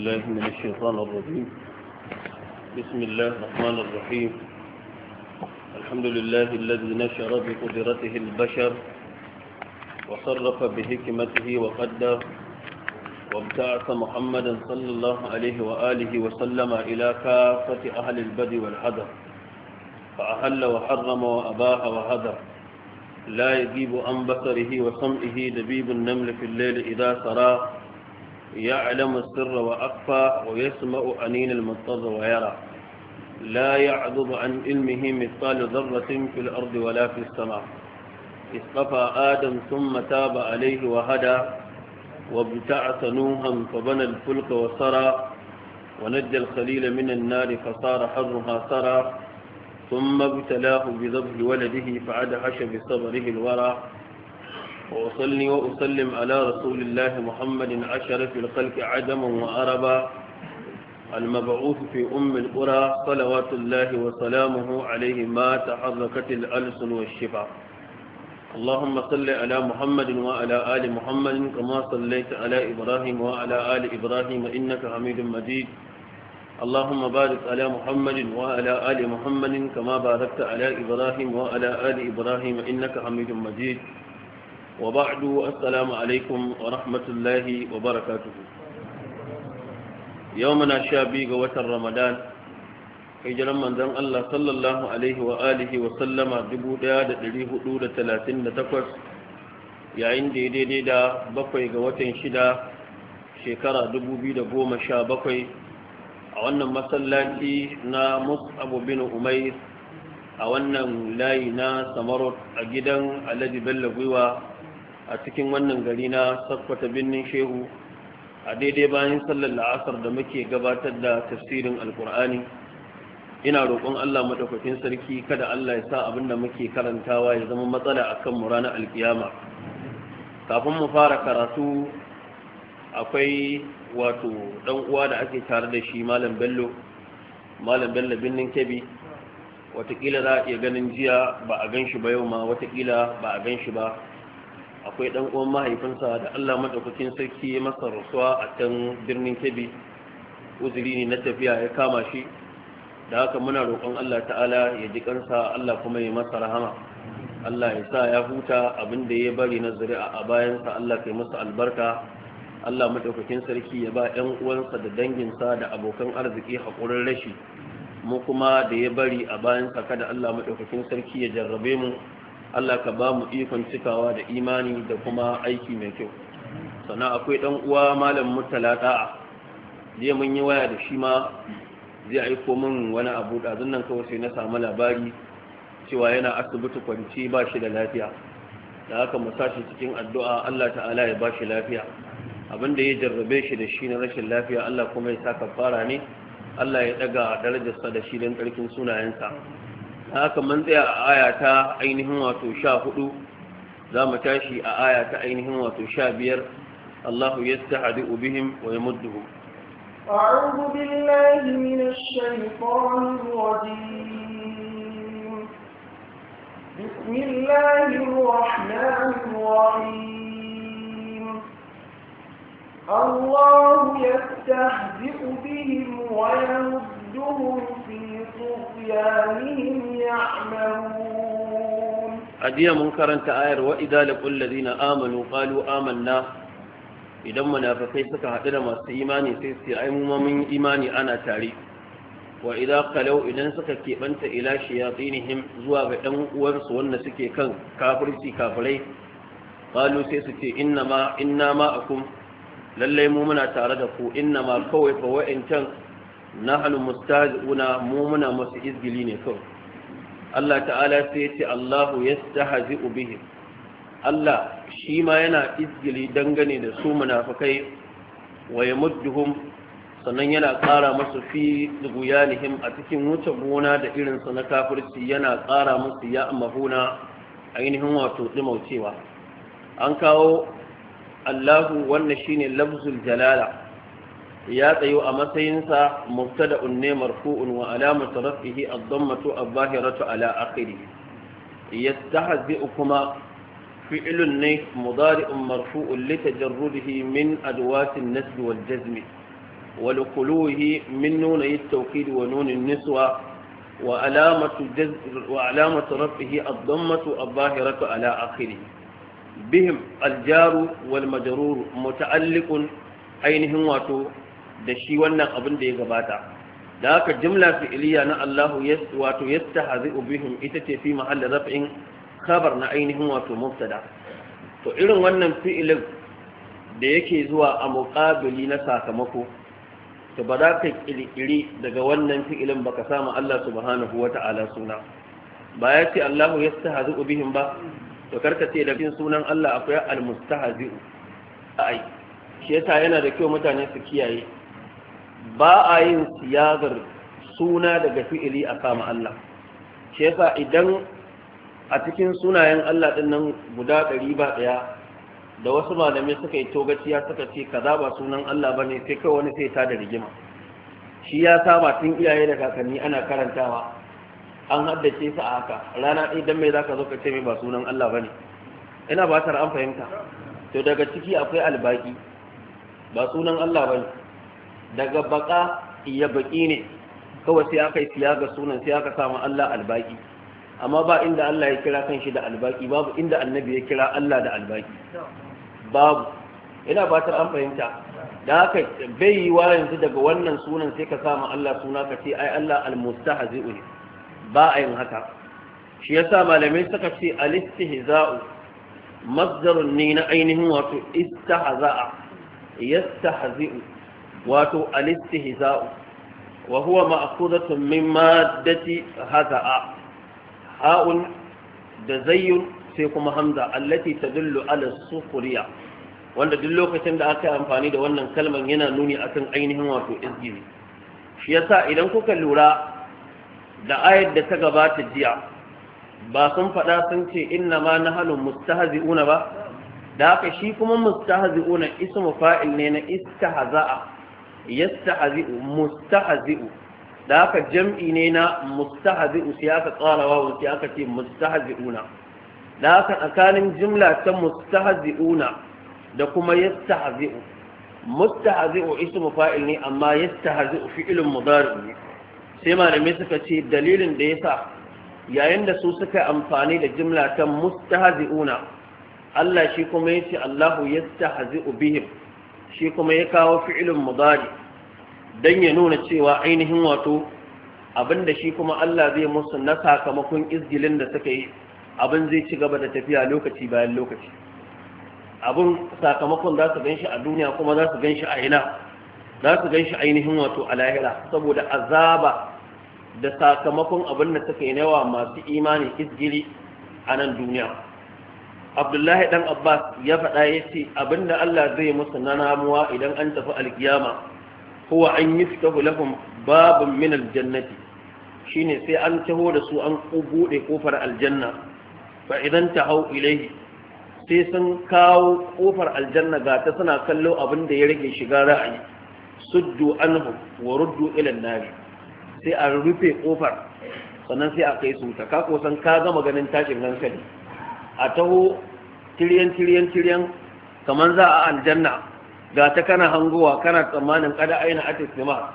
بالله من الشيطان الرجيم بسم الله الرحمن الرحيم الحمد لله الذي نشر بقدرته البشر وصرف بحكمته وقدر وابتعث محمدا صلى الله عليه وآله وسلم إلى كافة أهل البد والحذر فأهل وحرم وأباح وهدر لا يجيب عن بصره وسمعه دبيب النمل في الليل إذا سراه يعلم السر وأخفى ويسمع أنين المنتظر ويرى لا يعذب عن علمه مثقال ذرة في الأرض ولا في السماء اصطفى آدم ثم تاب عليه وهدى وابتعث نوها فبنى الفلك وسرى ونجى الخليل من النار فصار حرها سرى ثم ابتلاه بذبح ولده فعد عش بصبره الورى وأصلي وأسلم على رسول الله محمد عشر في الخلق عدم وأربا المبعوث في أم القرى صلوات الله وسلامه عليه ما تحركت الألسن والشفا اللهم صل على محمد وعلى آل محمد كما صليت على إبراهيم وعلى آل إبراهيم إنك حميد مجيد اللهم بارك على محمد وعلى آل محمد كما باركت على إبراهيم وعلى آل إبراهيم إنك حميد مجيد وبعد السلام عليكم ورحمة الله وبركاته يومنا شابي قوة رمضان hijiran manzon Allah sallallahu alaihi wa alihi wa sallama 1438 yayin da ya daidai da bakwai ga watan shida shekara 2017 a wannan masallaci na Mus'ab bin Umair a wannan layi na Samarot a gidan Alhaji Bello Gwiwa a cikin wannan gari na saffata birnin shehu a daidai bayan sallar la'asar da muke gabatar da tafsirin alkur'ani ina roƙon allah maɗaukakin sarki kada allah ya sa abin da muke karantawa ya zama matsala a kan murana alkiyama kafin mu fara karatu akwai wato ɗan uwa da ake tare da shi malam bello malam bello birnin kebbi watakila za a iya ganin jiya ba a gan shi ba yau ma watakila ba a gan shi ba akwai dan uwan mahaifinsa da Allah madaukakin sarki ya masa rasuwa a can birnin Kebbi uzuri ne na tafiya ya kama shi da haka muna roƙon Allah ta'ala ya ji kansa Allah kuma ya masa rahama Allah ya sa ya huta abin da ya bari na zuri'a a bayansa Allah kai masa albarka Allah madaukakin sarki ya ba ƴan uwansa da danginsa da abokan arziki haƙurin rashi mu kuma da ya bari a bayansa kada Allah madaukakin sarki ya jarrabe mu Allah ka ba mu ikon cikawa da imani da kuma aiki mai kyau sannan akwai ɗan uwa malam murtala ɗa'a jiya mun yi waya da shi ma zai aiko min wani abu da nan kawai sai na samu labari cewa yana asibiti kwanci ba shi da lafiya da haka mu tashi cikin addu'a Allah ta'ala ya ba shi lafiya abin da ya jarrabe shi da shi na rashin lafiya Allah kuma ya sa fara ne Allah ya daga darajarsa da shi don tsarkin sunayensa haka man tsaya a aya ta ainihin wato sha hudu za mu tashi a aya ta ainihin wato sha biyar Allahu ya sta stahadi ubihim wa ya muddu hu بسم الله الرحمن الرحيم الله يستهزئ بهم ويمدهم في طغيانهم يعمهون أديا منكر أنت آير وإذا لقوا الذين آمنوا قالوا آمنا idan munafikai suka haɗu da masu imani sai su ai mu mun imani ana tare wa idza qalau idan suka keɓanta ila shayatinihim zuwa ga ɗan uwansu wanda suke kan kafirci kafirai qalu sai su ce inna ma inna ma akum lallai mu muna tare da ku inna ma kawai fa wa'intan nahnu mustazi'una mu muna masu izgili ne kawai Allah ta'ala sai ce Allahu yastahzi'u ubihi Allah shi ma yana izgili dangane da su munafikai wa yamudduhum sannan yana ƙara masu fi duguyanihim a cikin wuce gona da irin sa na kafirci yana ƙara musu ya mahuna ainihin wato dimaucewa an kawo Allahu wannan shine lafzul jalala يا تيو أمسينسا مبتدأ مرفوع وعلامة رفعه الضمة الظاهرة على آخره يستهزئ كما فعل النيف مضارع مرفوع لتجرده من أدوات النسب والجزم ولقلوه من نون التوكيد ونون النسوة وعلامة, جز وعلامة رفعه الضمة الظاهرة على آخره بهم الجار والمجرور متعلق أينهم وتو da shi wannan abin da ya gabata da haka jimla fi'iliya na Allahu wato yastahzi'u bihim ita ce fi mahalli raf'in khabar na ainihin wato mubtada to irin wannan fi'ilin da yake zuwa a muqabili na sakamako to ba za ka kirkiri daga wannan fi'ilin baka samu Allah subhanahu wata'ala suna ba ya ce Allahu yastahzi'u bihim ba to karka ce da sunan Allah akwai al-mustahzi'u ai shi yasa yana da kyau mutane su kiyaye ba a yin siyagar suna daga fi'ili a kama Allah shi yasa idan a cikin sunayen Allah ɗin nan guda ɗari ba ɗaya da wasu malamai suka yi togaciya suka ce kaza ba sunan Allah ba ne sai kai wani sai ta da rigima shi ya saba tun iyaye da kakanni ana karantawa an haddace su a haka rana ɗaya dan mai ka zo ka ce mai ba sunan Allah ba ne ina ba an fahimta to daga ciki akwai albaki ba sunan Allah ba ne daga baka ya baki ne kawai sai aka yi ga sunan sai aka samu Allah albaki amma ba inda Allah ya kira shi da albaki babu inda annabi ya kira Allah da albaki babu ina fatar an fahimta da haka bai yi wa yanzu daga wannan sunan sai ka samu Allah suna ka ce ai Allah almustahzi'u ne ba a yin haka shi yasa malamai suka ce alistihza'u masdarun ne na ainihin wato istahza'a yastahzi'u wato alistihza'u wa huwa ma'khudatun min maddati haza'a ha'un da zayyun sai kuma hamza allati tadullu ala sukhriya wanda duk lokacin da aka yi amfani da wannan kalman yana nuni akan ainihin wato izgiri shi yasa idan kuka lura da ayar da ta gabata jiya ba sun faɗa sun ce inna ma nahanu mustahzi'una ba da haka shi kuma mustahzi'una ismu fa'il ne na haza'a. yastahzi'u mustahzi'u da haka jam'i ne na mustahzi'u sai aka tsara wa sai aka ce mustahzi'una da haka tsakanin jimla ta mustahzi'una da kuma yastahzi'u mustahzi'u ismu fa'il ne amma yastahzi'u fi'ilun mudari ne sai malamai suka ce dalilin da yasa yayin da su suka amfani da jimla ta mustahzi'una Allah shi kuma yace Allahu yastahzi'u bihim shi kuma ya kawo fi'ilin mudari don ya nuna cewa ainihin wato abinda shi kuma Allah zai musu na sakamakon izgilin da suka yi abin zai ci gaba da tafiya lokaci bayan lokaci abin sakamakon za su ganshi a duniya kuma za su ganshi a ina za su ganshi ainihin wato a lahira saboda azaba da sakamakon abin da suka yi nawa masu imanin izgili a nan duniya abdullahi ɗan abbas ya faɗa ya ce abinda allah zai musu na namuwa idan an tafi alkiyama huwa an yi fita hulafin babin min aljannati shine sai an taho da su an buɗe ƙofar aljanna fa idan ta hau ilai sai sun kawo ƙofar aljanna ga ta suna kallo abin da ya rage shiga ra'ayi suddu anhu wa ruddu ila nari sai a rufe ƙofar, sannan sai a kai su ta kako san ka gama ganin tashin hankali a taho kiryan-kiryan-kiryan, kamar za a aljanna ga ta kana hangowa kana tsammanin kada aina a tisima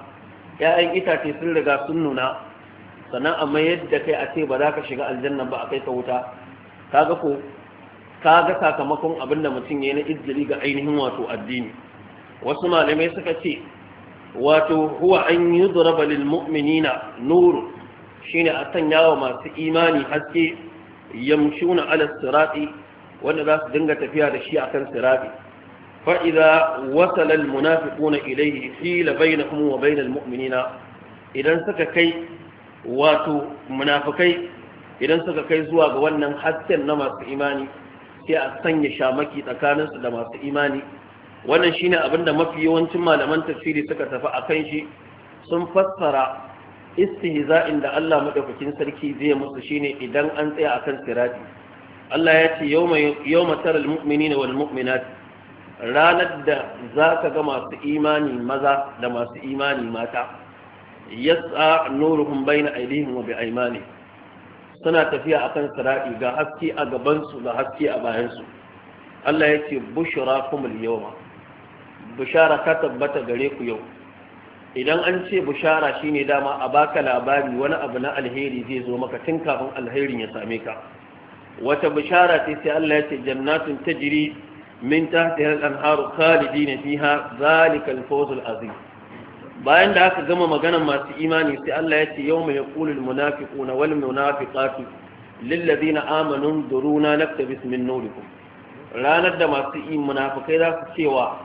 ya'yan itace sun riga sun nuna sannan amma yadda kai a ce ba za ka shiga aljanna ba a kai ka wuta ga ko ga sakamakon abin da mutum ya yi na izgiri ga ainihin wato addini wasu malamai suka ce wato huwa an yi zuraba mu'minina nuru shine a sanya wa masu imani haske yamshuna ala sirati wanda za su dinga tafiya da shi akan sirati fa idza wasala al munafiquna ilayhi qila bainahum wa bainal mu'minina idan suka kai wato munafikai idan suka kai zuwa ga wannan hasken na masu imani sai a sanya shamaki tsakaninsu da masu imani wannan shine abinda mafi yawancin malaman tafsiri suka tafi akan shi sun fassara istihza'in da Allah madaukakin sarki zai musu shine idan an tsaya akan sirati Allah ya ce yawma yawma taral mu'minina wal mu'minat ranar da zaka ga masu imani maza da masu imani mata yas'a nuruhum baina aydihim wa bi'aymani suna tafiya akan sirati ga haske a gaban su ga haske a bayan su Allah ya ce bushra kumul yawma bushara ka tabbata gare ku yau idan an ce bushara shine dama a baka labari wani abu na alheri zai zo maka tun kafin alherin ya same ka wata bushara ce sai Allah ya ce jannatin tajri min tahtiha al-anharu khalidin fiha zalika al-fawz azim bayan da aka gama maganar masu imani sai Allah ya ce yawma yaqulu al-munafiquna wal munafiqatu lil amanu duruna naktabis min nurikum ranar da masu munafikai za su cewa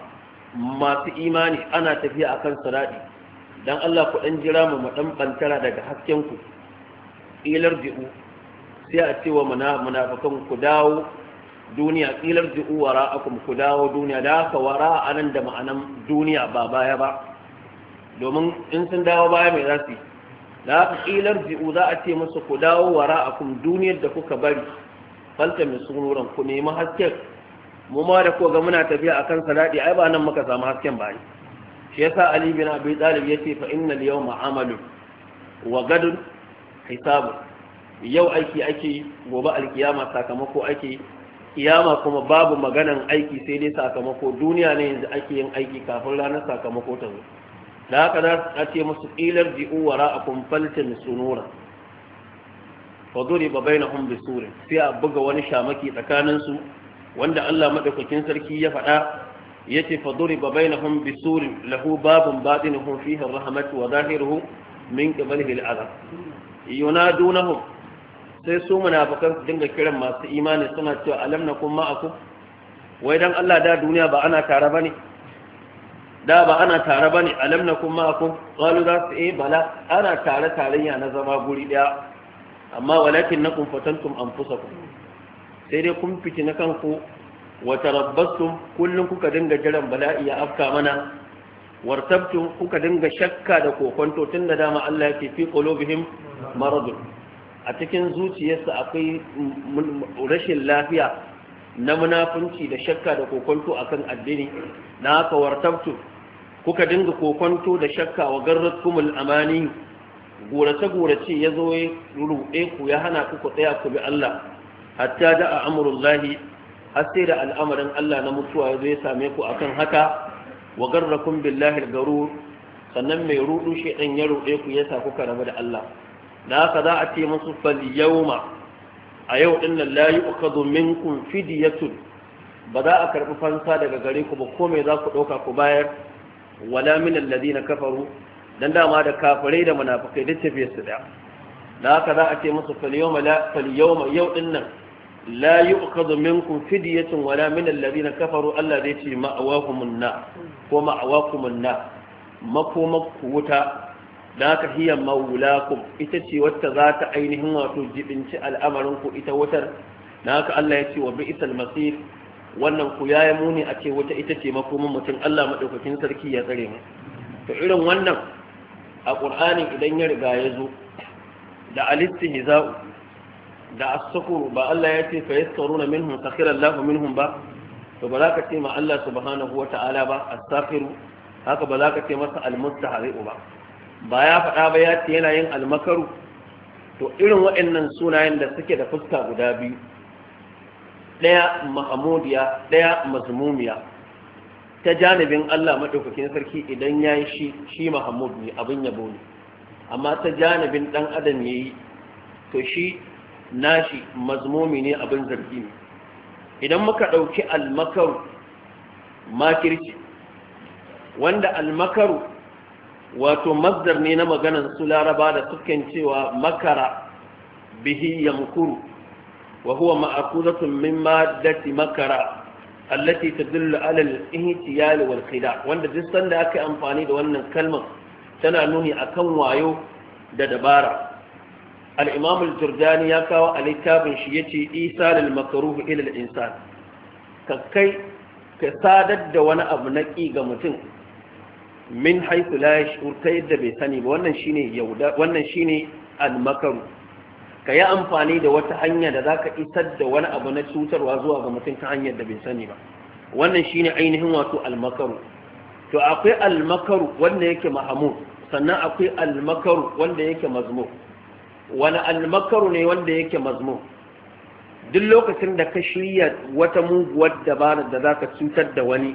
masu imani ana tafiya akan sirati dan Allah ku dan jira mu mu dan bantara daga hasken ku ilar ji'u sai a ce wa munafikan ku dawo duniya ilar ji'u ra'akum ku dawo duniya da haka wara anan da ma'anan duniya ba baya ba domin in sun dawo baya mai zasu da aka ilar ji'u za a ce musu ku dawo ra'akum duniyar da kuka bari falta mai sunuran ku nemi hasken mu ma da ko ga muna tafiya akan salati ai ba nan muka samu hasken ba ne shi yasa ali bin abi talib yace fa innal yawma amalu wa gadun hisabu yau aiki ake gobe alkiyama sakamako ake kiyama kuma babu maganan aiki sai dai sakamako duniya ne yanzu ake yin aiki kafin ranar sakamako ta zo da haka za a ce musu ilar ji'u wara a kumfalcin sunura fa zuri ba bai na hun sai a buga wani shamaki tsakanin su wanda allah maɗaukakin sarki ya faɗa yace fa duriba bainahum bisur lahu babun batinuhu fihi ar-rahmatu wa zahiruhu min qiblihi al-'adab yunadunahum sai su munafikan su dinga kiran masu imani suna cewa alam nakum ma'akum wai dan Allah da duniya ba ana tare bane da ba ana tare bane alam nakum ma'akum qalu za su eh bala ana tare tarayya na zama guri daya amma walakin nakum fatantum anfusakum sai dai kun fiti na kanku watarabbastum kullum kuka dinga jiran bala'i ya afka mana wartabtum kuka dinga shakka da kokonto tunda dama Allah yake fi qulubihim marad a cikin zuciyarsa, akwai rashin lafiya na munafunci da shakka da kokonto akan addini na haka wartabtum kuka dinga kokonto da shakka wa garratkumul amani gurace gurace ya zo ya rurube ku ya hana ku ku tsaya ku bi Allah hatta da amrullahi har sai da al'amarin Allah na mutuwa zai same ku akan haka wa garrakum billahi garur sannan mai rudu shedan ya rude ku yasa kuka rabu da Allah da haka za a ce musu fal yawma a yau din nan la yu'khadhu minkum fidyatun ba za a karbi fansa daga gare ku ba ko me za ku dauka ku bayar wala min alladhina kafaru dan dama da kafirai da munafikai duk tafiyar su da haka za a ce musu fal yawma la fal yawma yau din nan la yu'khadhu minkum fidyatun wala min alladhina kafaru Allah zai ce ma'awakumun na ko ma'awakumun na makomakku wuta da haka hiya maulakum ita ce wata za ta ainihin wato jibinci al'amarin ku ita wutar da haka Allah ya ce wa bi'sal masir wannan ku ya yi muni a ce wata ita ce makomin mutum Allah madaukakin sarki ya tsare mu to irin wannan a ƙur'anin idan ya riga ya zo da alisti hiza'u da asuku ba Allah ya ce fa yaskaruna minhum sakhira Allah minhum ba to ba za ka ce ma Allah subhanahu ta'ala ba astaghfiru haka ba za ka ce masa al ba ba ya faɗa ba ya ce yana yin almakaru? to irin waɗannan sunayen da suke da fuska guda biyu ɗaya mahamudiya ɗaya mazmumiya ta janibin Allah madaukakin sarki idan ya yi shi shi mahamud ne abin yabo ne amma ta janibin ɗan adam ya yi to shi nashi mazmumi ne abin zargi ne idan muka ɗauki almakaru makirci wanda almakaru wato mazdar ne na maganan su laraba da sukan cewa makara bihi yamkuru wa huwa ma'akuzatun min maddati makara allati tadullu ala al-ihtiyal wal khida wanda duk sanda aka yi amfani da wannan kalmar tana nuni akan wayo da dabara al-imam ya kawo a littafin shi yace isa lil makruh ila insan ka kai ka sadar da wani abu na ƙi ga mutum min haifu la yashur ta yadda bai sani ba wannan shine yauda wannan shine al-makaru ka yi amfani da wata hanya da za ka isar da wani abu na cutarwa zuwa ga mutum ta hanyar da bai sani ba wannan shi ne ainihin wato almakaru. to akwai almakaru wanda yake mahamud sannan akwai almakaru wanda yake Mazmur. wani almakaru ne wanda yake mazmum duk lokacin da ka shirya wata muguwar dabara da za ka cutar da wani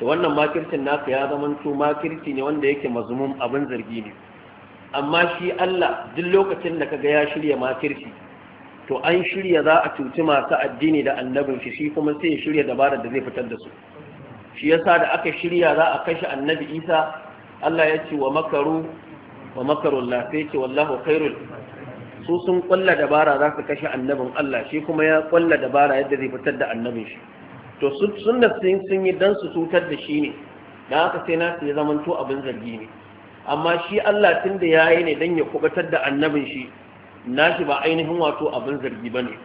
da wannan makircin naka ya zamanto makirci ne wanda yake mazmum abin zargi ne amma shi Allah duk lokacin da kaga ya shirya makirci to an shirya za a cuci masu addini da annabin shi shi kuma sai ya shirya dabara da zai fitar da su shi yasa da aka shirya za a kashe annabi Isa Allah ya ce wa makaru wa makarullah sai ce wallahu khairul su sun kwalla dabara za su kashe annabin Allah shi kuma ya kwalla dabara yadda zai fitar da annabin shi to sun da sun yi don su cutar da shi ne da haka sai na ya zaman to abin zargi ne amma shi Allah tun da ya yi ne dan ya kubatar da annabin shi shi ba ainihin wato abin zargi ba ne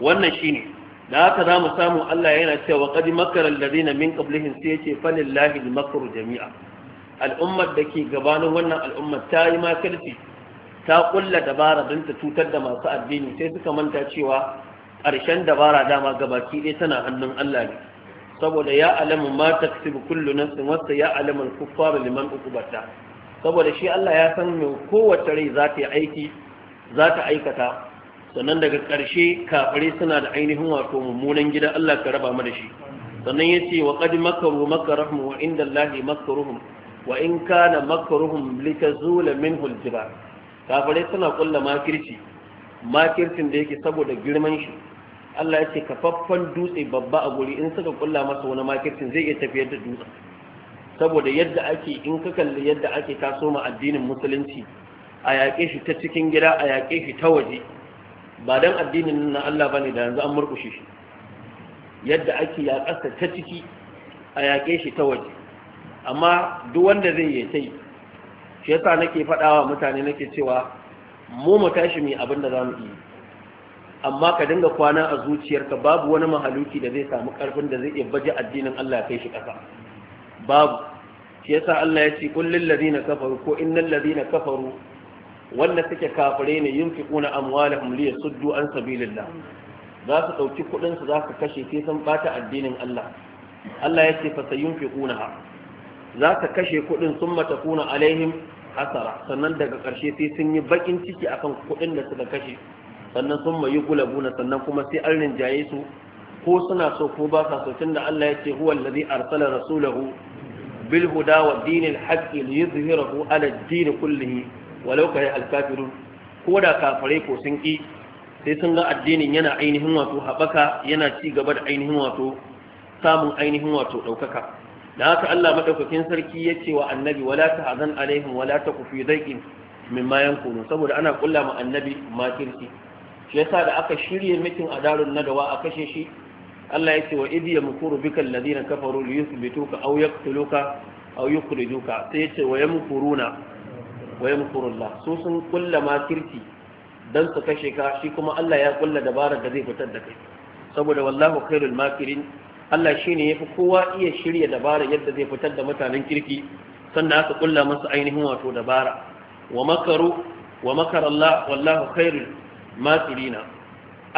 wannan shi ne da haka za mu samu Allah yana cewa qad makara alladhina min qablihim sai yace falillahi al makaru jami'a al'ummar da ke gabanin wannan al'ummar ta yi karfi. ta kulla dabara don ta cutar da masu addini sai suka manta cewa ƙarshen dabara dama gabaki ɗaya tana hannun Allah ne saboda ya alamu ma taksibu kullu nafsin wasta ya alamu kuffaru liman uqubata saboda shi Allah ya san me kowace rai za ta aiki za ta aikata sannan daga ƙarshe kafare suna da ainihin wato mummunan gidan Allah ka raba mu da shi sannan ya wa qad makaru makarahum wa inda Allahi makaruhum wa in kana makaruhum litazula minhu al-jibal Kafare suna kulla makirci makircin da yake saboda girman shi Allah ya ce kafaffan dutse babba a guri in suka kulla masa wani makircin zai iya tafiyar da dutsen saboda yadda ake in ka kalli yadda ake taso ma addinin musulunci a yaƙe shi ta cikin gida a yaƙe shi ta waje ba dan addinin na Allah bane da yanzu an murƙushe shi yadda ake yaƙasa ta ciki a yaƙe shi ta waje amma duk wanda zai yi sai shi yasa nake faɗawa mutane nake cewa mu mu tashi mai abin da zamu yi amma ka dinga kwana a zuciyarka babu wani mahaluki da zai samu karfin da zai iya baje addinin Allah kai shi kasa babu shi yasa Allah ya ce kullil ladina kafaru ko innal ladina kafaru wanda suke kafire ne yunfiquna amwalahum liyasuddu an sabilillah za su dauki kudin su za su kashe sai sun bata addinin Allah Allah ya ce fa sayunfiqunaha za ka kashe kuɗin sun matakuna alaihim hasara sannan daga ƙarshe sai sun yi bakin ciki akan kuɗin da suka kashe sannan sun mayi gulabuna sannan kuma sai an rinjaye su ko suna so ko ba sa so tunda Allah ya ce huwa allazi arsala rasulahu bil huda wa dinil haqqi liyuzhirahu ala din kullihi walau kare al-kafirun ko da kafare ko sun ki sai sun ga addinin yana ainihin wato haɓaka yana ci gaba da ainihin wato samun ainihin wato ɗaukaka da haka Allah madaukakin sarki ya ce wa annabi wala tahzan alaihim wala taku fi dhaiqin mimma yankunu saboda ana kulla ma annabi kirki shi yasa da aka shirye mitin a darun nadawa a kashe shi Allah ya ce wa idh yamkuru bika alladhina kafaru li yuthbituka aw yaqtuluka aw yukhrijuka sai ya ce wa yamkuruna wa su sun kulla makirci dan su kashe ka shi kuma Allah ya kulla dabarar da zai fitar da kai saboda wallahu khairul makirin Allah shi ne ya fi kowa iya shirya dabara yadda zai fitar da mutanen kirki sannan aka kulla masa ainihin wato dabara wa makaru wa makarallah wallahu khairul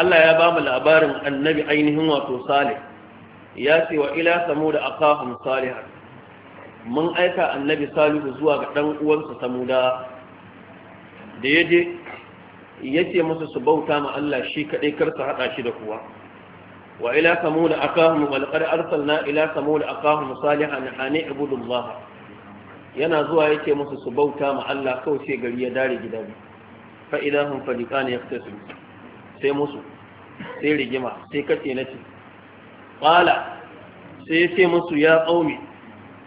Allah ya ba mu labarin annabi ainihin wato salih ya ce wa ila samuda aqahum salihan mun aika annabi salihu zuwa ga dan uwansa samuda da yaje yace musu su bauta ma Allah shi kadai kar su hada shi da kowa wa ila samud akahum wa laqad arsalna ila samud akahum salihan an ibudu Allah yana zuwa yake musu su bauta ma Allah kawai sai gari ya dare gida ne fa idahum faliqan yaqtasim sai musu sai rigima sai kace nace qala sai sai musu ya qaumi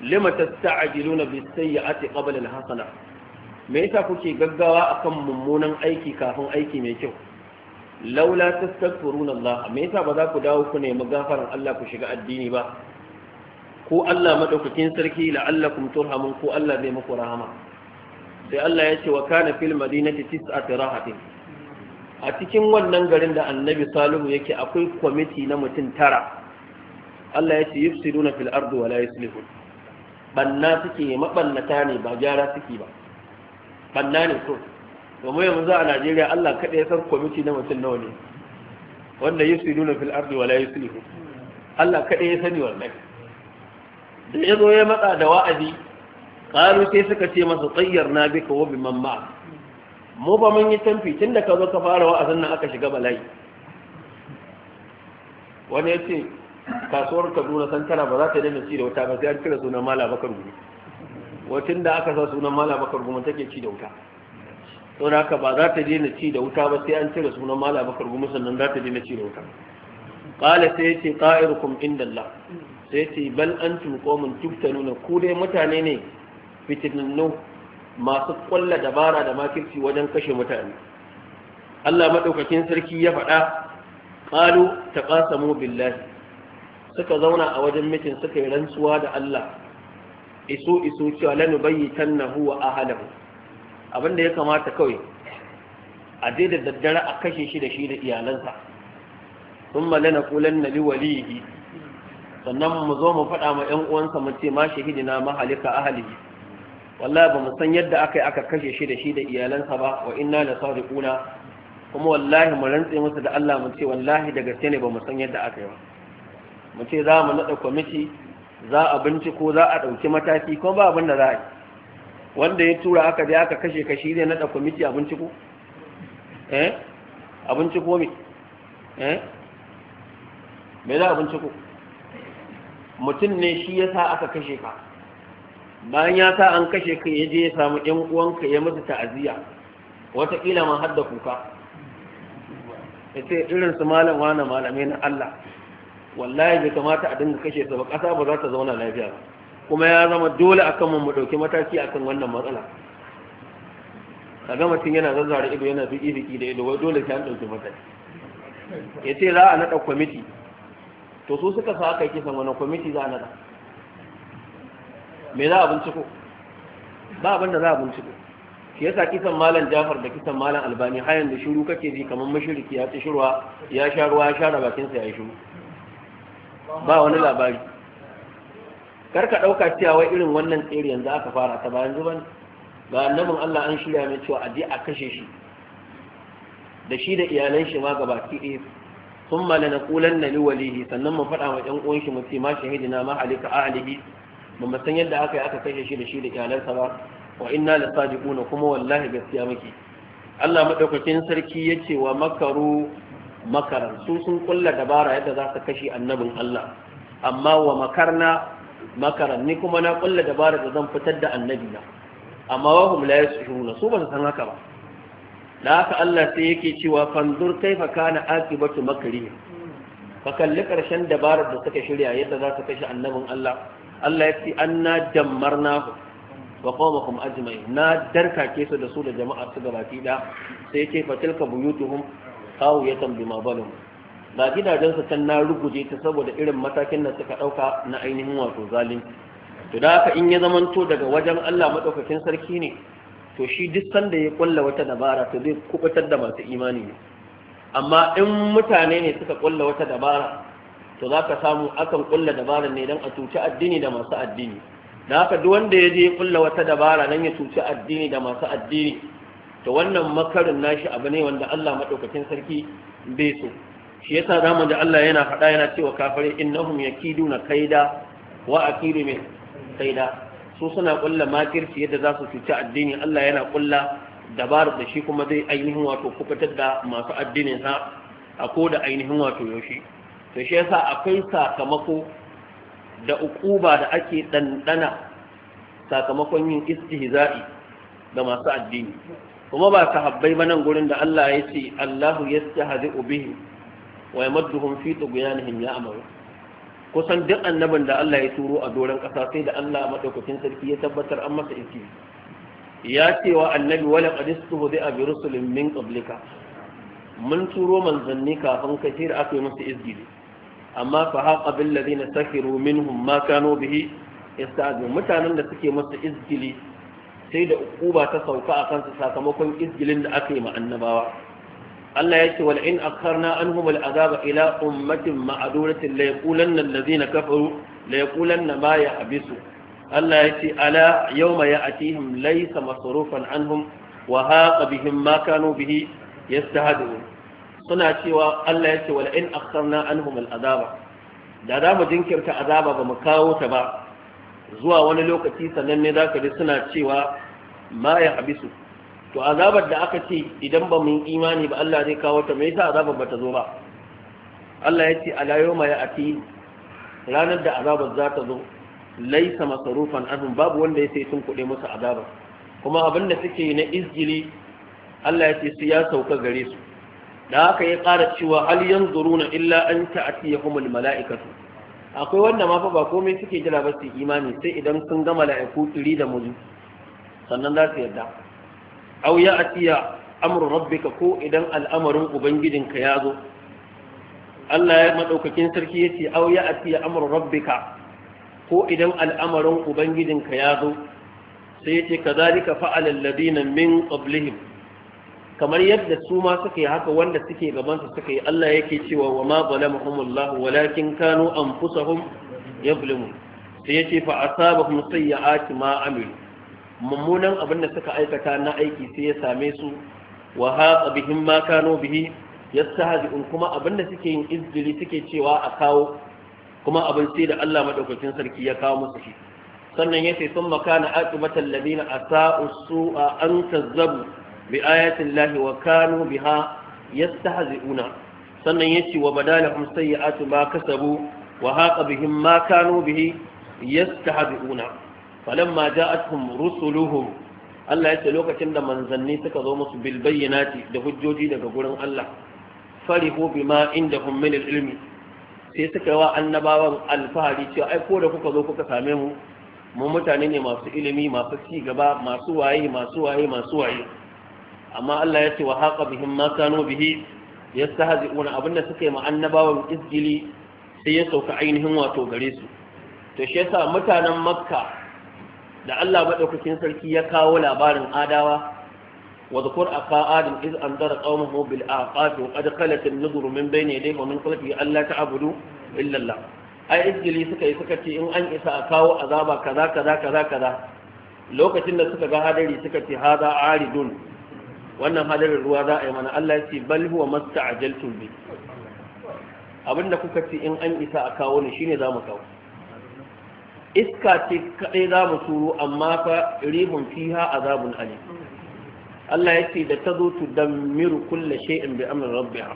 lima tasta'jiluna bis sayyi'ati qabla al hasana me yasa kuke gaggawa akan mummunan aiki kafin aiki mai kyau laula tastaghfiruna Allah me yasa ba za ku dawo ku nemi gafaran Allah ku shiga addini ba ko Allah madaukakin sarki la'allakum turhamun ko Allah zai muku rahama sai Allah ya ce wa kana fil madinati tis'atu rahatin a cikin wannan garin da annabi salihu yake akwai kwamiti na mutum tara Allah ya ce yufsiduna fil ardi wa la yuslihun banna suke mabannata ne ba gyara suke ba banna ne so domin yanzu a Najeriya Allah kaɗai ya san kwamiti na mutum nawa ne wanda yusiluna fil ardi wala yusilu Allah kaɗai ya sani wallahi da ya zo ya matsa da wa'azi ƙaru sai suka ce masa tsayyar na bi ka wabi mamma mu ba mun yi tamfi tun da ka zo ka fara wa'azin nan aka shiga bala'i wani ya ce kasuwar kaduna santara ba za ta daina ci da wuta ba sai an kira sunan mala bakar gumi wacin da aka sa sunan mala bakar gumi take ci da wuta to da haka ba za ta daina ci da wuta ba sai an cire sunan mala bakar gumi sannan za ta daina ci da wuta qala sai yace qa'irukum inda Allah sai yace bal antum qawmun tuftanuna ku dai mutane ne fitinannu masu kwalla dabara da makirci wajen kashe mutane Allah madaukakin sarki ya faɗa qalu taqasamu billahi suka zauna a wajen mitin suka yi rantsuwa da Allah iso iso cewa lanubayyitannahu wa ahlahu abin da ya kamata kawai a je da daddare a kashe shi da shi da iyalansa sun male na kulan na waliyi. sannan mu zo mu faɗa ma 'yan uwansa mu ce ma shahidi na mahalika ahalihi wallahi ba mu san yadda aka yi aka kashe shi da shi da iyalansa ba wa inna la sadiquna kuma wallahi mu rantse musu da Allah mu ce wallahi da gaske ne ba mu san yadda aka yi ba mu ce za mu naɗa kwamiti za a binciko za a ɗauki mataki kuma ba abin da za a yi wanda ya tura aka je aka kashe kashi zai nada kwamiti abinci ko eh abinci ko me eh me za abinci ko mutum ne shi ya sa aka kashe ka bayan ya sa an kashe ka ya je ya samu ɗan uwanka ya mutu ta'aziyya wataƙila ma hadda kuka ya ce irin su malam wani malamai na Allah wallahi bai kamata a dinga kashe su ba ƙasa ba za ta zauna lafiya ba kuma ya zama dole akan mu mu dauki mataki akan wannan matsala ga mutum yana zazzara ido yana fiki fiki da ido wai dole sai an dauki mataki ce za a nada kwamiti to su suka sa aka yi kisan wani kwamiti za a nada me za a binciko ba abin da za a binciko shi yasa kisan malam Jafar da kisan malam Albani hayan da shiru kake ji kamar mushriki ya ci shirwa ya sha ruwa ya sha bakinsa ya yi shiru ba wani labari kar ka ɗauka cewa wai irin wannan tsere yanzu aka fara ta bayan zuban ga annabin Allah an shirya mai cewa aje a kashe shi da shi da iyalan shi ma gabaki ɗaya sun ma na kulan na liwalihi sannan mu faɗa wa ƴan uwan shi mu ce ma shahidina ma halika a alihi ba mu san yadda aka yi aka kashe shi da shi da iyalansa ba wa inna la sadiquna kuma wallahi gaskiya muke Allah madaukakin sarki ce wa makaru makaran su sun kulla dabara yadda za su kashe annabin Allah amma wa makarna makaran ni kuma na kulla dabara da zan fitar da annabi na amma wa hum la yasuhuna su ba san haka ba da haka Allah sai yake cewa fanzur kaifa kana akibatu makrihim ka kalli karshen dabarar da suka shirya yadda za su kashe annabin Allah Allah ya ce anna jammarna wa qawmakum ajma'i na ke su da su da jama'a su gabaki da sai yake fatilka buyutuhum qawiyatan bima zalamu Ba gidajensu can na ruguje ta saboda irin matakin da suka ɗauka na ainihin wato zalunci to da haka in ya zamanto daga wajen Allah madaukakin sarki ne to shi duk sanda ya kulla wata dabara to zai kubutar da masu imani ne amma in mutane ne suka kulla wata dabara to za ka samu akan kulla dabarar ne don a cuci addini da masu addini da haka duk wanda ya je kulla wata dabara don ya cuci addini da masu addini to wannan makarin nashi abu ne wanda Allah madaukakin sarki bai so shi yasa zamu da Allah yana faɗa yana cewa kafare innahum yakiduna kaida wa akidu min kaida su suna kulla makirci yadda za su cuci addini Allah yana kulla dabar da shi kuma zai ainihin wato kubutar da masu addinin sa a ko da ainihin wato yoshi to shi yasa akwai sakamako da ukuba da ake dandana sakamakon yin istihza'i da masu addini kuma ba sahabbai ba nan gurin da Allah ya ce Allahu yastahzi'u bihim wa yamadduhum fi tughyanihim ya'malu kusan duk annabin da Allah ya turo a doron ƙasa sai da Allah madaukakin sarki ya tabbatar an masa iski ya ce wa annabi wala qad istuhdi'a bi rusulin min qablika mun turo manzanni kafin kai da aka yi musu izgili amma fa haqa bil ladina sakhiru minhum ma kanu bihi yasta'dun mutanen da suke musu izgili sai da ukuba ta sauka a kansu sakamakon izgilin da aka yi ma annabawa Allah ya ce wal'in akarna an humul azaba ila ummatin ma'aduratin la yaqulan nan lazina kafaru la yaqulan na ma ya habisu Allah ya ce ala yawma ya'tihim laysa masrufan anhum wa haqa bihim ma kanu bihi yastahadun suna cewa Allah ya ce wal'in akarna an humul azaba da za mu jinkirta azaba ba mu kawo ta ba zuwa wani lokaci sannan ne za ka ji suna cewa ma ya habisu to azabar da aka ce idan ba mun imani ba Allah zai kawo ta me yasa azabar ba ta zo ba Allah ya ce ala yawma ya'ti ranar da azabar za ta zo laisa masarufan azum babu wanda ya sai sun kuɗe musu azabar kuma abin da suke na izgili Allah ya ce su ya sauka gare su da haka ya ƙara cewa hal yanzuruna illa an ta'tiyahumul mala'ikatu akwai wanda ma fa ba komai suke jira ba su imani sai idan sun ga mala'iku tsiri da muzu sannan za su yarda aw ya'tiya amru rabbika ko idan al'amarin ubangijinka ya zo Allah ya madaukakin sarki yace aw ya'tiya amru rabbika ko idan al'amarin ubangijinka ya zo sai yace kazalika fa'ala alladhina min qablihim kamar yadda su ma suka yi haka wanda suke gaban su suka yi Allah yake cewa wa ma zalamahumullahu walakin kanu anfusahum yuzlimun sai yace fa asabahum sayyi'ati ma amilu mummunan abin da suka aikata na aiki sai ya same su wa haqa bihim ma kanu bihi yastahzi'un kuma abin da suke yin izgili suke cewa a kawo kuma abin sai da Allah maɗaukacin sarki ya kawo musu shi sannan ce sun makana aqibatal ladina asa'u su'a an kazzabu bi ayati lahi wa kanu biha yastahzi'una sannan ce wa badalahum sayyi'atu ma kasabu wa haqa bihim ma kanu bihi yastahzi'una Falan falamma ja'atuhum rusuluhu. Allah ya ce lokacin da manzanni suka zo musu bil bayyinati da hujjoji daga gurin Allah farihu bima inda min ilmi sai suka wa annabawan alfahari cewa ai ko da kuka zo kuka same mu mu mutane ne masu ilimi masu ci gaba masu waye masu waye masu waye amma Allah ya ce wa haqa bihim ma kanu bihi yastahzi'una abinda suka yi ma annabawan izgili sai ya sauka ainihin wato gare su to shi yasa mutanen makka da Allah maɗaukakin sarki ya kawo labarin adawa wa zukur a ka'adin iz an zara ƙaunar mobil a ƙafi wa ajakalatin na durumin bai ne dai wani kulki Allah ta abudu illallah a izgili suka yi suka in an isa a kawo azaba kaza kaza kaza lokacin da suka ga hadari suka ce ha za a aridun wannan hadarin ruwa za a yi mana Allah ya ce bal huwa masta ajaltun bi abinda kuka ce in an isa a kawo ne shine za mu iska ce kaɗai za mu turo amma fa rihun fiha azabun ali Allah ya ce da ta zo tu dammiru kulle shay'in bi amrin rabbiha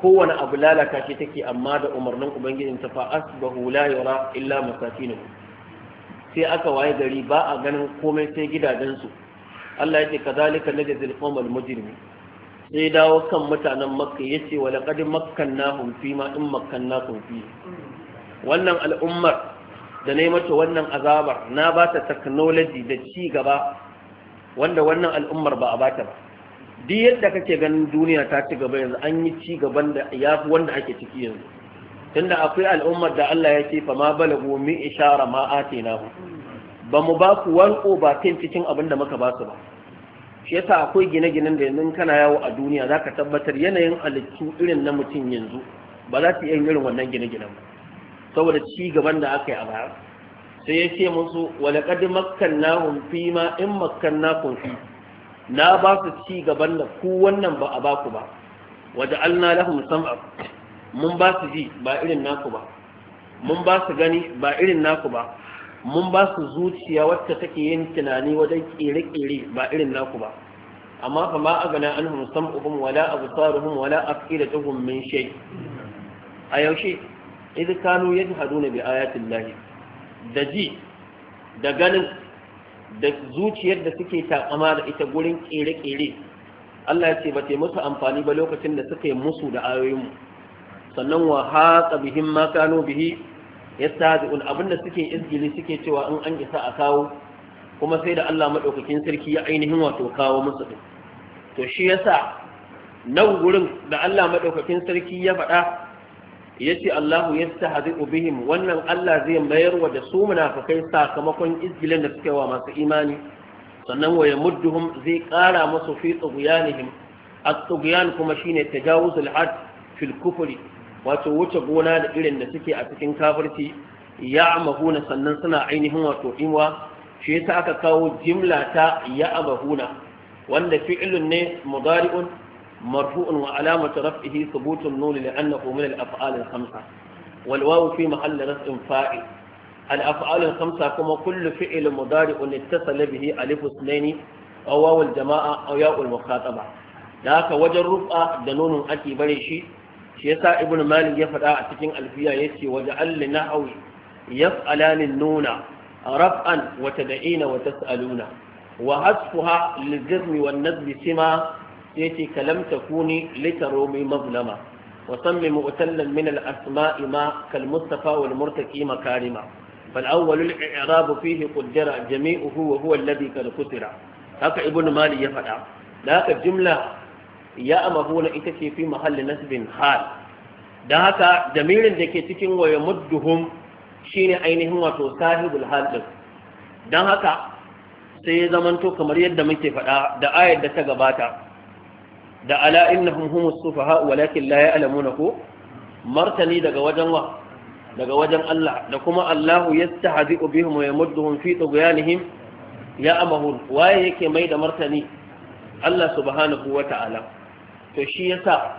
kowane abu lalata shi take amma da umarnin ubangijin ta fa hula la yara illa masakinu sai aka waye gari ba a ganin komai sai gidajensu Allah ya ce kadhalika najzil qawmal mujrimin sai dawo kan mutanen makka ya Wani wa laqad makkannahum fi ma in na fi wannan al'ummar da na yi mata wannan azabar na ba ta technology da ci gaba wanda wannan al'ummar ba a ba ta ba duk yadda kake ganin duniya ta ci gaba yanzu an yi ci gaban da ya fi wanda ake ciki yanzu tunda akwai al'ummar da Allah ya ce fa ma balagu min ishara ma hu ba mu ba ku wanko ba ten cikin abin da muka ba su ba shi yasa akwai gine-ginen da yanzu kana yawo a duniya za ka tabbatar yanayin halittu irin na mutum yanzu ba za su yi irin wannan gine-ginen ba saboda ci gaban da aka yi a baya sai ya ce musu Wani walaƙad na fi ma in na fi na ba su ci gaban da ku wannan ba a baku ba waja'alna lahum sam'a mun ba su ji ba irin naku ba mun ba su gani ba irin naku ba mun ba su zuciya wacce take yin tunani wajen kere-kere ba irin naku ba amma fa ma agana anhum sam'uhum wala abu absaruhum wala tuhun min shai a yaushe idh kanu yajhaduna bi ayatin lahi da ji da ganin da zuciyar da suke takama da ita gurin ƙere-ƙere Allah ya ce ba musu amfani ba lokacin da suka yi musu da ayoyinmu sannan wa haƙa bihin ma kano bihi ya abinda suke izgili suke cewa in an isa a kawo kuma sai da Allah maɗaukakin sarki ya ainihin wato kawo musu ɗin to shi yasa nan gurin da Allah maɗaukakin sarki ya faɗa yace Allahu yastahzi'u bihim wannan Allah zai mayar wa da su munafikai sakamakon izgilin da suke wa masu imani sannan wa yamudduhum zai kara musu fi tughyanihim at-tughyan kuma shine tajawuzul had fil kufri wato wuce gona da irin da suke a cikin kafirci ya'mahuna sannan suna ainihin wato imwa shi yasa aka kawo jimla ta ya'mahuna wanda fi'ilun ne mudari'un مرفوع وعلامة رفعه ثبوت النون لأنه من الأفعال الخمسة والواو في محل رفع فاعل الأفعال الخمسة كما كل فعل مضارع اتصل به ألف اثنين أو واو الجماعة أو ياء المخاطبة ذاك وجه الرفع دنون أتي بريشي شيسا ابن مالك يفرع تكين ألفية يسي وجعل لنحو يفعلان النون رفعا وتدعين وتسألون وحذفها للجزم والنسب سما sai ce kuni takuni litarumi mazlama wa sammi mu'tallan min al-asma'i ma kal mustafa wal murtaki makarima fal awwal al-i'rab fihi qaddara jami'uhu wa huwa alladhi kad kutira haka ibnu mali ya faɗa da haka jumla ya amahuna ita ce fi mahalli nasbin hal dan haka damirin da ke cikin waya mudduhum shine ainihin wato sahibul hal din dan haka sai ya zamanto kamar yadda muke faɗa da ayar da ta gabata da ala innahum humus sufaha walakin la ya'lamuna ko martani daga wajen wa daga wajen Allah da kuma Allahu yastahzi'u bihim wa yamudduhum fi tughyanihim ya amahun waye yake mai da martani Allah subhanahu wa ta'ala to shi yasa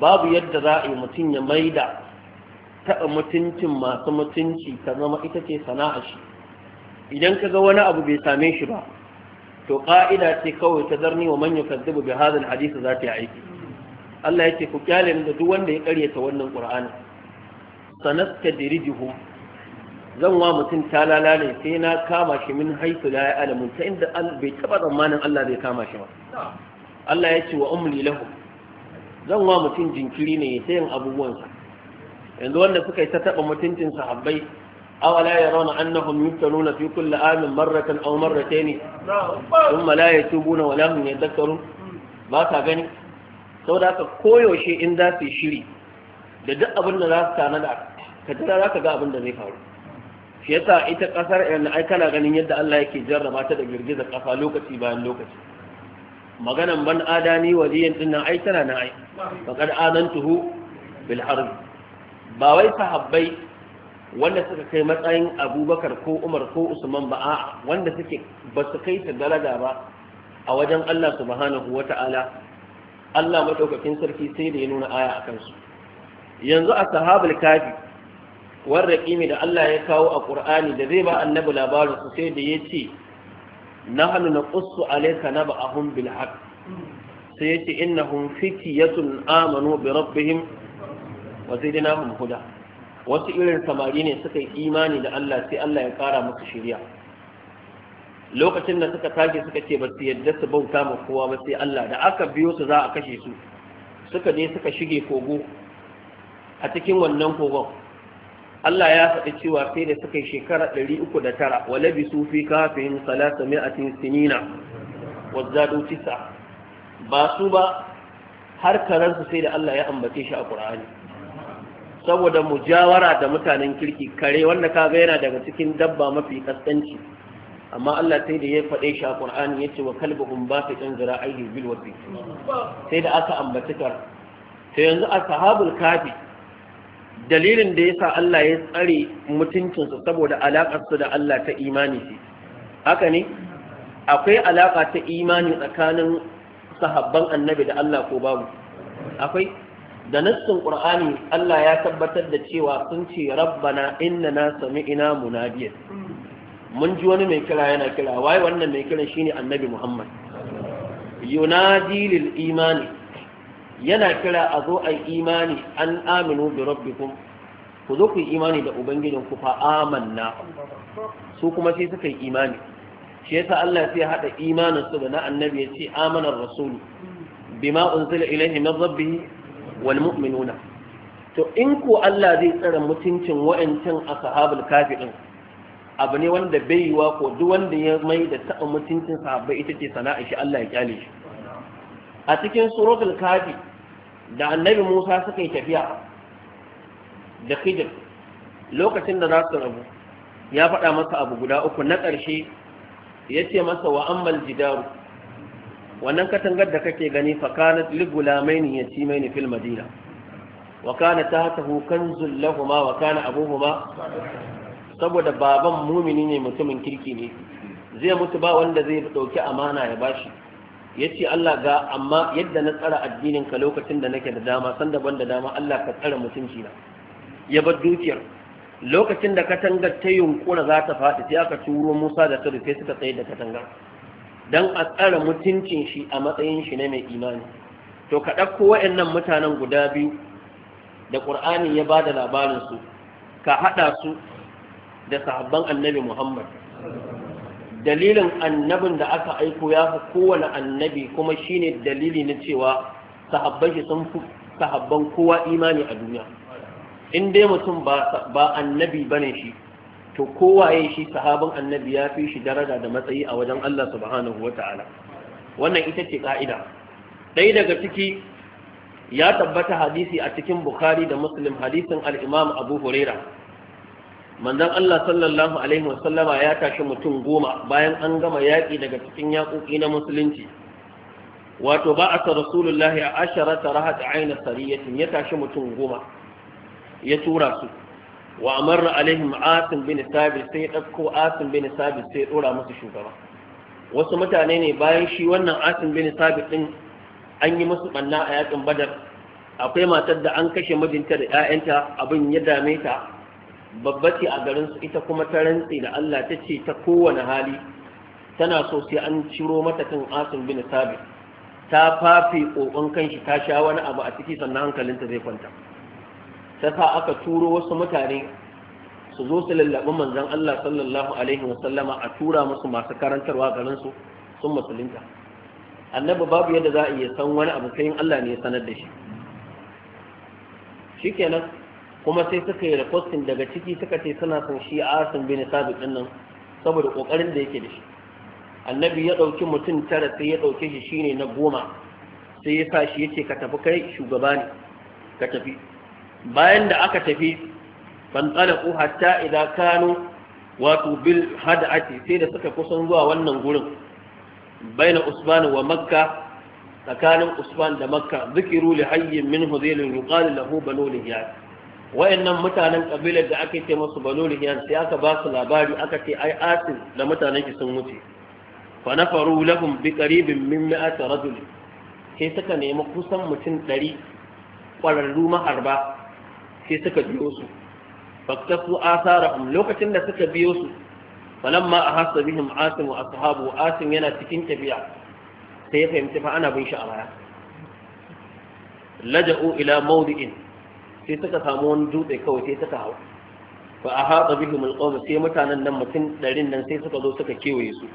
babu yadda za a yi mutum ya mai da taɓa mutuncin masu mutunci ta zama ita ce sana'a shi idan ka ga wani abu bai same shi ba to ƙa'ida ce kawai ta zarni wa manyan yukazzibu bi hadha za ta aiki Allah ce ku kyale da duk wanda ya karyata wannan Qur'ani sanastadrijuhum zan wa mutum ta ne sai na kama shi min haitu la alamu, ta inda bai taba tsammanin Allah zai kama shi ba Allah ya ce wa umli lahu zan wa mutum jinkiri ne ya sayan abubuwansa yanzu wanda suka yi ta taɓa mutuncin sahabbai أولا يرون أنهم يفتنون في كل عام مرة أو مرتين ثم لا يتوبون ولا هم يذكرون ما تغني sau da aka koyaushe in za su shiri da duk abin za su tana da ka jira za ka ga abinda zai faru shi yasa ita kasar yana ai kana ganin yadda Allah yake jarraba da girgiza kafa lokaci bayan lokaci maganan ban adani waliyan din nan ai tana na ai ba wai sahabbai wanda suka kai matsayin abubakar ko umar ko usman ba a wanda suke ba su kai su daraja ba a wajen allah subhanahu wa ta'ala allah maɗaukakin sarki sai da ya nuna aya a kansu yanzu a sahabul kafi wanda kimi da allah ya kawo a ƙur'ani da zai ba annabi labarin su sai da ya ce nahnu naqussu alayka naba'ahum bil haqq sai yace innahum fitiyatun amanu bi rabbihim wa zidnahum huda wasu irin samari ne suka yi imani da Allah sai Allah ya kara musu shirya lokacin da suka tashi suka ce ba su yadda su bauta ma kowa ba sai Allah da aka biyo su za a kashe su suka je suka shige kogo a cikin wannan kogon Allah ya faɗi cewa sai da suka yi shekara ɗari uku da tara wa labisu fi kafin salasa mi'atin sinina wa zadu tisa ba su ba har karansu sai da Allah ya ambace shi a Qur'ani saboda mujawara da mutanen kirki kare wanda kaga yana daga cikin dabba mafi kaskanci amma Allah sai da ya faɗe shi a ya ce wa kalbuhum basiqan zira'ihi bil wasi sai da aka ambaci Ta yanzu yanzu ashabul kafi dalilin da ya sa Allah ya tsare mutuncinsu saboda alaƙar su da Allah ta imani ce haka ne akwai alaƙa ta imani tsakanin sahabban annabi da Allah ko babu akwai da nassin Kur'ani Allah ya tabbatar da cewa sun ce rabbana innana sami'na munadiyan mun ji wani mai kira yana kira wai wannan mai kiran shine annabi Muhammad yunadi lil imani yana kira a zo a imani an aminu bi rabbikum ku zo ku yi imani da ubangijin ku fa amanna su kuma sai suka yi imani shi yasa Allah sai ya hada imanin su da na annabi ya ce amanar rasul bima unzila ilaihi min rabbih wal to in ko Allah zai tsara mutuncin wa'ancan ashabul kafirin abu ne wanda bai yiwa ko duk wanda ya mai da taɓa mutuncin sahabbai ita ce sana'a shi Allah ya kyale shi a cikin suratul kafi da annabi Musa suka yi tafiya da Khidir lokacin da za su rabu ya faɗa masa abu guda uku na ƙarshe ya ce masa wa ammal jidaru wannan katangar da kake gani fakanat ligulamaini yatimaini fil madina wa kana tahtahu kanzul lahumu wa kana abuhuma saboda baban mumini ne mutumin kirki ne zai mutu ba wanda zai dauki amana ya bashi yace Allah ga amma yadda na tsara addinin ka lokacin da nake da dama san da banda dama Allah ka tsara mutunci na ya bar dukiyar lokacin da katangar ta yunkura za ta faɗi sai aka turo Musa da ta rufe suka tsaye da katangar don a tsara mutuncin shi a matsayin shi na mai imani to ka ɗauko wa'annan mutanen guda biyu da ƙur'ani ya ba da labarinsu ka haɗa su da sahabban annabi muhammad dalilin annabin da aka aiko ya fi kowane annabi kuma shine dalili na cewa sahabban shi sun fi sahabban kowa imani a duniya in dai mutum ba annabi bane shi to kowaye shi sahabin annabi ya fi shi daraja da matsayi a wajen Allah subhanahu wata'ala wannan ita ce ka'ida ɗaya daga ciki ya tabbata hadisi a cikin bukhari da muslim hadisin al-imam abu huraira manzon Allah sallallahu alaihi wasallama ya tashi mutum goma bayan an gama yaƙi daga cikin yaƙoƙi na musulunci wato ba a rasulullahi a asharata rahat aina ya tashi mutum goma ya tura su wa amarna alaihim asim bin sabit sai dauko ɗauko bin sai ya ɗora musu shugaba wasu mutane ne bayan shi wannan asim bin ɗin an yi musu banna a yakin badar akwai matar da an kashe mijinta da 'ya'yanta abin ya dame ta babba ce a garinsu ita kuma ta rantse da Allah ta ce ta kowane hali tana so sai an ciro mata kan asin bin ta fafe kokon kanshi ta sha wani abu a ciki sannan hankalinta zai kwanta ta sa aka turo wasu mutane su zo su lallaɓi manzan Allah sallallahu alaihi wasallama a tura musu masu karantarwa garinsu sun musulunta annabi babu yadda za a iya san wani abu sai Allah ne ya sanar da shi shikenan kuma sai suka yi requesting daga ciki suka ce suna son shi Asim bin Sabit din nan saboda kokarin da yake da shi annabi ya dauki mutum tara sai ya dauke shi shine na goma sai ya sa shi yace ka tafi kai shugaba ne ka tafi bayan da aka tafi fantsalaku hatta idan kanu wato bil hada'ati sai da suka kusan zuwa wannan gurin baina usman wa makka tsakanin usman da makka zikiru li hayyin min huzailin yuqalu lahu banu lihyan wayannan mutanen kabilar da ake ce musu banul hiyan sai aka ba su labari aka ce ai asin da mutanen ki sun wuce fa nafaru lahum bi qaribin min mi'ati rajul sai suka nemi kusan mutum 100 kwararru maharba sai suka biyo su faktafu asarahum lokacin da suka biyo su falamma ahassa bihim asim wa ashabu asim yana cikin tafiya sai ya fahimci fa ana bin shi a baya laja'u ila mawdi'in sai suka samu wani dutse kawai sai suka hau fa ahata bihim alqawm sai mutanen nan mutum ɗarin nan sai suka zo suka kewaye su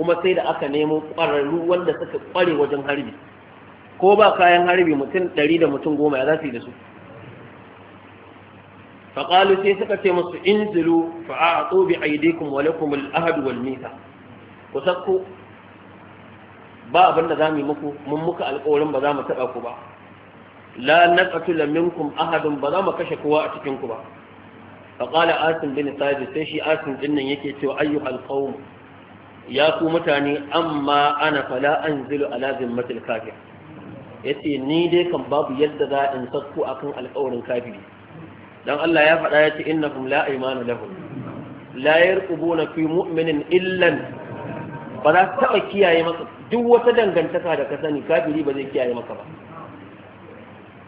kuma sai da aka nemo ƙwararru wanda suka ƙware wajen harbi ko ba kayan harbi mutum ɗari da mutum goma ya za su yi da su faƙalu sai suka ce musu inzilu fa'a a tsobi aidikum wa lakum al'ahadu wal ku sakko ba abin da za mu yi muku mun muka alƙawarin ba za mu taɓa ku ba la naqatula minkum ahadun ba za mu kashe kowa a cikin ku ba faƙala asim bin sajid sai shi asim din nan yake cewa ayyuhal qawm ya ku mutane amma ana fala anzilu ala zimmatil kafir yace ni dai kan babu yadda za in sakko akan alƙawarin kafiri dan Allah ya faɗa ya ce innakum la imanu lahum la yarqubuna fi mu'minin illan ba za ta taɓa kiyaye maka duk wata dangantaka da ka sani kafiri ba zai kiyaye maka ba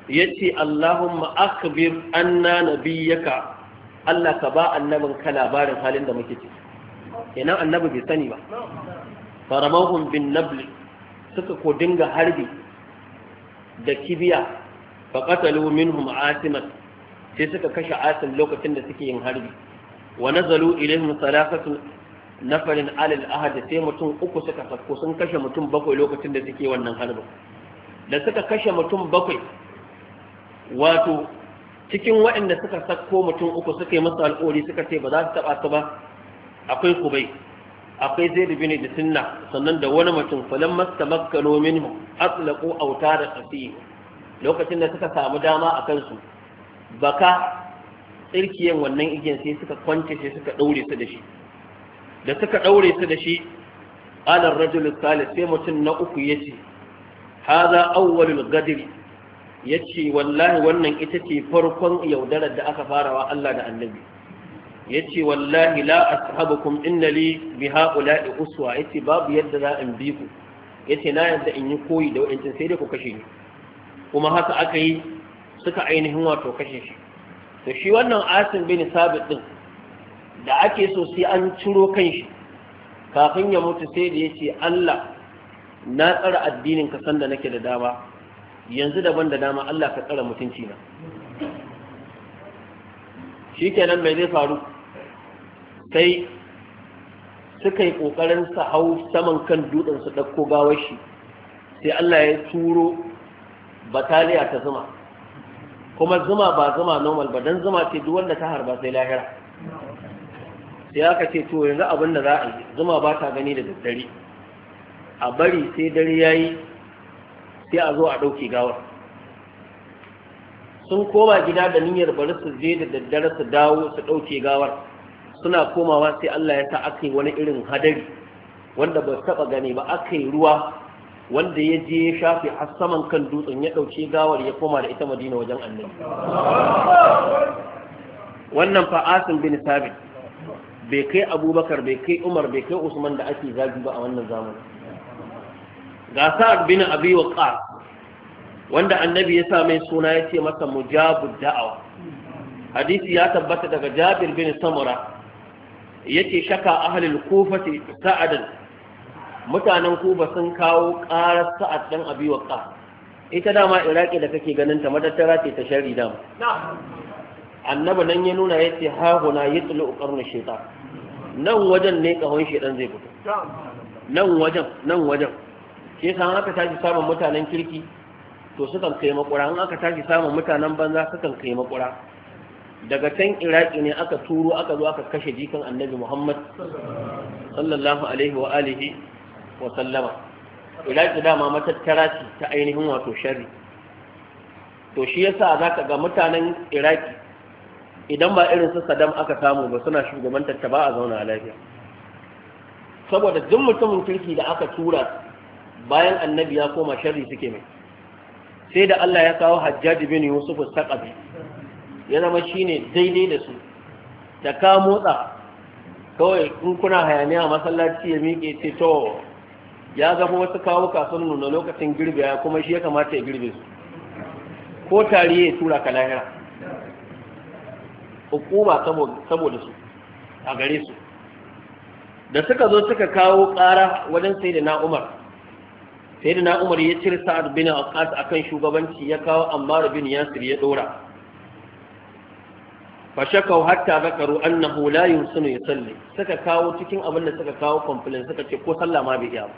yace Allahumma akhbir anna nabiyyaka Allah ka ba annabin ka labarin halin da muke ciki ina annabi bai sani ba faramahum bin nabl suka ko dinga harbi da kibiya fa qatalu minhum asimat sai suka kashe asin lokacin da suke yin harbi wa nazalu ilaihim salafatu nafarin alal ahad sai mutum uku suka sako sun kashe mutum bakwai lokacin da suke wannan harbin da suka kashe mutum bakwai wato cikin waɗanda suka sako mutum uku suka yi masa alƙawari suka ce ba za su taɓa su ba akwai kubai akwai zai rubi ne da sunna sannan da wani mutum falon masta makkano minhu atlaqu da tsafi? lokacin da suka samu dama a kansu baka tsirkiyen wannan igiyan sai suka kwance sai suka daure su da shi da suka daure su da shi alar rajul salis sai mutum na uku yace haza awwalul ya yace wallahi wannan ita ce farkon yaudarar da aka farawa Allah da annabi yace wallahi la ashabukum inna li bi haula'i uswa yace babu yadda za in bi ku yace na yadda in yi koyi da wa'ancin sai dai ku kashe ni kuma haka aka yi suka ainihin wato kashe shi to shi wannan asim bin sabit din da ake so sai an ciro kan shi kafin ya mutu sai da ya ce Allah na tsara addinin ka sanda nake da dama yanzu daban da dama Allah ka tsara mutunci na shi kenan mai zai faru sai suka yi kokarin sa hau saman kan dutsen su ɗauko gawar shi sai Allah ya turo bataliya ta zuma kuma zuma ba zuma normal ba dan zuma ce duk wanda ta harba sai lahira sai aka ce to yanzu abin da za a yi zuma ba ta gani da daddare a bari sai dare ya yi, sai a zo a ɗauke gawar sun koma gida da niyyar bari su je da daddare su dawo su ɗauke gawar suna komawa sai Allah ya sa aka yi wani irin hadari wanda ba taɓa gani ba aka yi ruwa wanda ya je ya shafe har saman kan dutsen ya ɗauki gawar ya koma da ita madina wajen annabi wannan fa'asin bin sabit bai kai abubakar bai kai umar bai kai usman da ake zagi ba a wannan zamani ga sa'ad bin abi waqas wanda annabi ya sa mai suna ya ce masa mujabud da'awa hadisi ya tabbata daga jabir bin samura yace shaka ahlul kufati sa'adan mutanen kuba sun kawo karar sa'ad ɗan abi waqqa ita dama iraki da kake ganin ta madattara ce ta shari dama annabi nan ya nuna ya ce ha huna yutlu qarnu shaytan nan wajen ne shi ɗan zai fito nan wajen nan wajen shi yasa aka tashi samun mutanen kirki to sukan kai makura an aka tashi samun mutanen banza sukan kai makura daga can iraki ne aka turo aka zo aka kashe jikan annabi muhammad sallallahu alaihi wa alihi wa sallama iraki dama matattara ce ta ainihin wato sharri to shi yasa za ka ga mutanen iraki idan ba irin su sadam aka samu ba suna shugabantar ta ba a zauna lafiya saboda duk mutumin kirki da aka tura bayan annabi ya koma sharri suke mai sai da Allah ya kawo hajjaj bin yusuf saqafi ya zama shine daidai da su da ka motsa kawai in kuna hayaniya masallaci ya miƙe ce to ya zama wasu kawo kasan nuna lokacin girbe ya kuma shi ya kamata ya girbe su ko tariye ya tura ka lahira hukuma saboda su a gare su da suka zo suka kawo kara wajen sai da na'umar sai da na'umar ya cire sa'ad bin al-qas akan shugabanci ya kawo ammar bin yasir ya dora fashakau hatta bakaru annahu la yusunu yusalli suka kawo cikin abin da suka kawo complaint suka ce ko sallah ma bai iya ba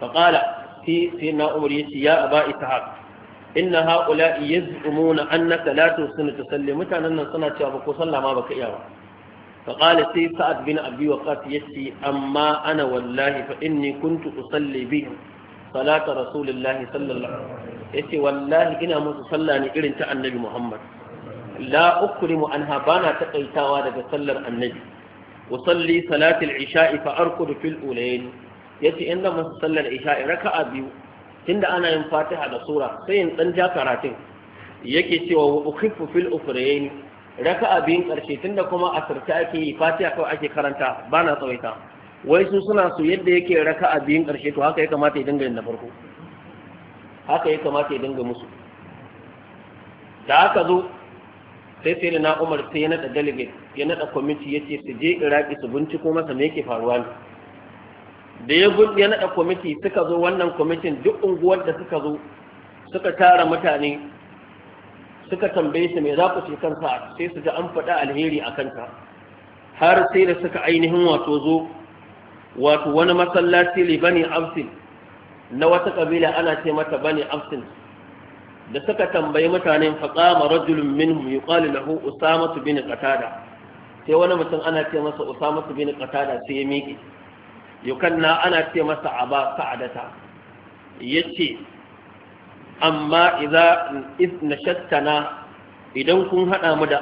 فقال في سيدنا عمر يتي يا أبا إسحاق إن هؤلاء يزعمون أنك لا تحسن تصلي متى أننا صنع تشابك وصلى ما بك إياه فقال سيد سعد بن أبي وقاص يتي أما أنا والله فإني كنت أصلي بهم صلاة رسول الله صلى الله عليه وسلم yace wallahi ina musu sallah ne irin ta annabi Muhammad la ukrimu anha bana takaitawa daga sallar annabi usalli salatul isha'i fa arkudu fil ulayn yace in da masu sallar isha'i a biyu tunda ana yin fatiha da sura sai in ɗan ja karatun yake cewa wa ukhifu fil ufrayn a biyun karshe tunda kuma a sirta ake yi fatiha kawai ake karanta ba na tsawaita wai su suna su yadda yake raka a biyun karshe to haka ya kamata ya dinga yin na farko haka ya kamata ya dinga musu da aka zo sai sai na umar sai ya nada delegate ya naɗa kwamiti yace su je iraki su binciko masa me yake faruwa ne da ya ya naɗa kwamiti suka zo wannan kwamitin duk unguwar da suka zo suka tara mutane suka tambaye su mai za ku ce kansa sai su ji an faɗa alheri a kanta har sai da suka ainihin wato zo wato wani masallaci ne bane absin na wata kabila ana ce mata bane absin da suka tambayi mutanen ma rajulun ƙwali na lahu usama bin ƙatada, sai wani mutum ana ce masa usama bin ƙatada sai ya miƙe yukanna ana ce masa aba sa'adata yace amma idza na idan kun haɗa mu da